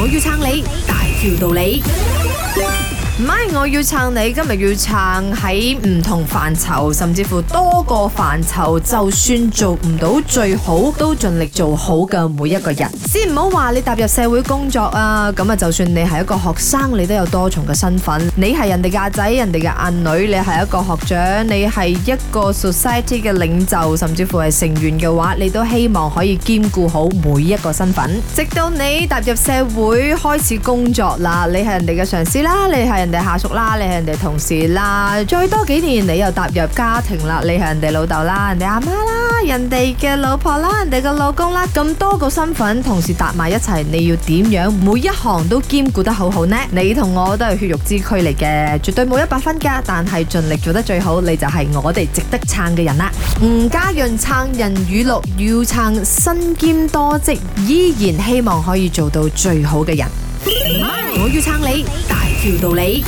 我要撐你，大條道理。唔係我要撐你，今日要撐喺唔同範疇，甚至乎多個範疇，就算做唔到最好，都盡力做好嘅每一個人。先唔好話你踏入社會工作啊，咁啊，就算你係一個學生，你都有多重嘅身份。你係人哋嘅仔，人哋嘅女，你係一個學長，你係一個 society 嘅領袖，甚至乎係成員嘅話，你都希望可以兼顧好每一個身份。直到你踏入社會開始工作啦，你係人哋嘅上司啦，你係。人哋下屬啦，你係人哋同事啦，再多幾年你又踏入家庭啦，你係人哋老豆啦，人哋阿媽啦，人哋嘅老婆啦，人哋嘅老，老公啦，咁多個身份同時搭埋一齊，你要點樣每一行都兼顧得好好呢？你同我都係血肉之軀嚟嘅，絕對冇一百分噶，但係盡力做得最好，你就係我哋值得撐嘅人啦。吳家潤撐人語錄，要撐身兼多職，依然希望可以做到最好嘅人。唔係，我要撐你。有道理。